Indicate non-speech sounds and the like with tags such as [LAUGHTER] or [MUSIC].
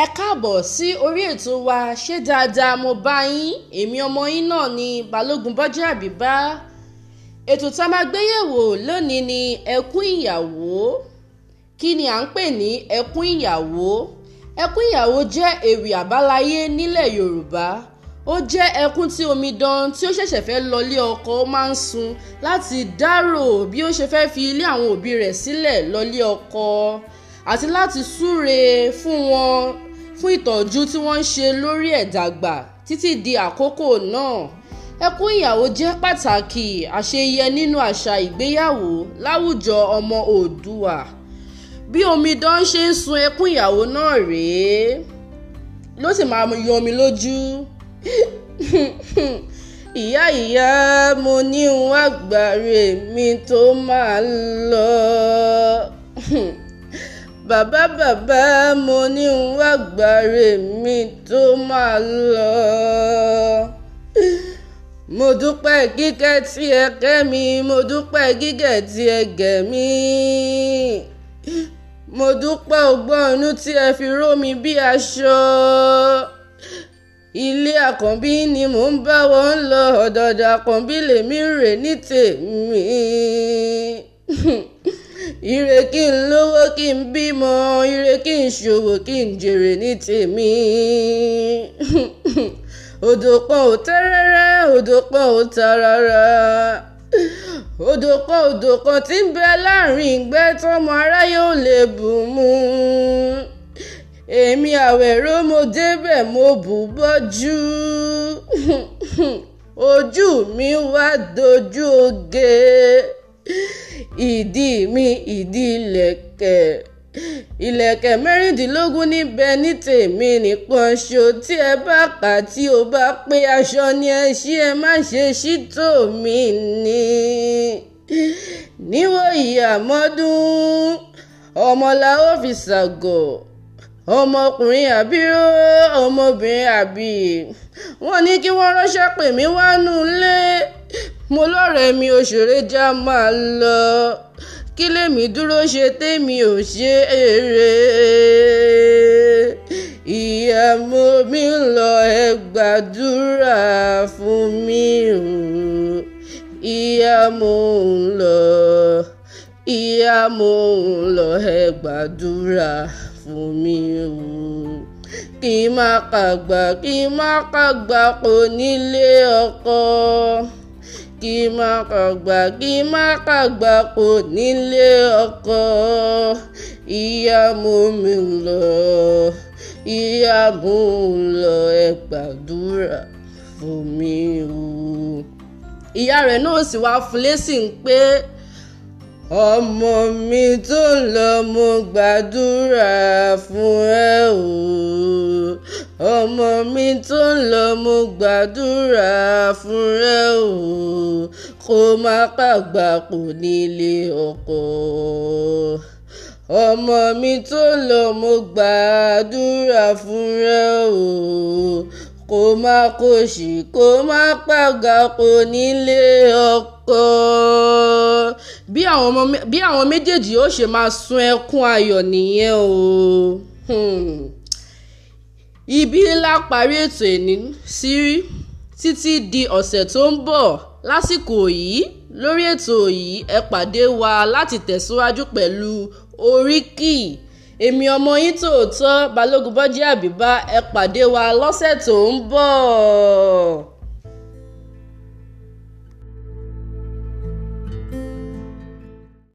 ẹ káàbọ̀ sí orí ètò wa ṣé dáadáa mo bá yín èmi ọmọ yín náà ní balógun bọ́jà àbíbá ètò tá a máa gbé yẹ̀wò lónìí ni ẹkún ìyàwó kí ni à ń pè ní ẹkún ìyàwó ẹkún ìyàwó jẹ́ ewì àbáláyé nílẹ̀ yorùbá ó jẹ́ ẹkún tí omidan tí ó ṣẹ̀ṣẹ̀ fẹ́ lọlé ọkọ máa ń sun láti dárò bí ó ṣe fẹ́ fi ilé àwọn òbí rẹ̀ sílẹ̀ lọlé ọkọ. Si àti láti súre fún wọn fún ìtọ́jú tí wọ́n ń ṣe lórí ẹ̀dàgbà títí di àkókò náà ẹkún ìyàwó jẹ́ pàtàkì àṣeyẹ nínú àṣà ìgbéyàwó láwùjọ ọmọ Oòduà bí omidan ṣe ń sun ẹkún ìyàwó náà rèé ló sì máa yan omi lójú [LAUGHS] ìyá ìyá mo ní wàá gbàre mi tó máa lọ bàbá bàbá mo ní ń wá gbàrè mi tó máa lọ. mo dúpẹ́ kíkẹ́ tí ẹ kẹ́ mi mo dúpẹ́ kíkẹ́ tí ẹ gẹ̀ mí. mo dúpẹ́ ọgbọ́n inú tí ẹ fi ró mi bí aṣọ. ilé àkànbí ni mò ń bá wọn lọ ọ̀dọ̀dọ̀ àkànbí lèmi rè ní tèmi. [LAUGHS] ire kí n lówó kí n bímọ ire kí n ṣòwò kí n jèrè ní tèmi [LAUGHS] odò pọ̀ ò tẹ́ rẹ́rẹ́ odò pọ̀ ò ta rárá odò kan odò kan tí ń bẹ láàrin ìgbẹ́ tọ́mọ aráyé ò lè bù mú èmi àwẹ̀rọ mo débẹ̀ mo bù bọ́jú [LAUGHS] ojú mi wá dojú oge ìdí mi ìdí ìlẹ̀kẹ̀ ìlẹ̀kẹ̀ mẹ́rìndínlógún níbẹ̀ ní tèmi nìkan ṣo tí ẹ bá kà tí ó bá pé aṣọ ni ẹ ṣí ẹ má ṣe ṣí tòmí ni níwòyí àmọ́dún ọmọ la ó fi ṣàgọ̀ ọmọkùnrin àbíró ọmọbìnrin àbí wọ́n ní kí wọ́n ránṣẹ́ pè mí wánú lé mo lọ́rẹ̀ẹ́ mi òṣèré já máa lọ kí lèmi dúró ṣe tèmi ò ṣe eré ìyá mo mi ń lọ ẹ gbàdúrà fún mi o ìyá mo ń lọ ìyá lọ ẹ gbàdúrà fún mi o kí n má kàgbà kí n má kàgbà kò nílé ọkọ kí má kàgbà kí má kàgbà kò nílé ọkọ ìyá mú mi lọ ìyá mú un lọ ẹ gbàdúrà fún mi o. ìyá rẹ̀ náà sì wá fún lẹ́sìn pé ọmọ mi tó ń lọ mo gbàdúrà fún ẹ o ọmọ mi tó ń lọ mo gbàdúrà fún ẹ o kó má kàgbákò nílé ọkọ ọmọ mi tó lọ mo gbàdúrà fún rẹ o kó má kòṣì kó má pàgàkò nílé ọkọ. bí àwọn méjèèjì ó ṣe máa sun ẹkún ayọ̀ nìyẹn o. Hmm. ibi la parí ètò ẹ̀ní sí rí títí di ọ̀sẹ̀ tó ń bọ̀ lásìkò yìí lórí ètò yìí ẹ pàdé wa láti tẹ̀síwájú pẹ̀lú oríkì èmi ọmọ yín tòótọ́ balógun bọ́jí àbíbá ẹ pàdé wa lọ́sẹ̀ tó ń bọ̀.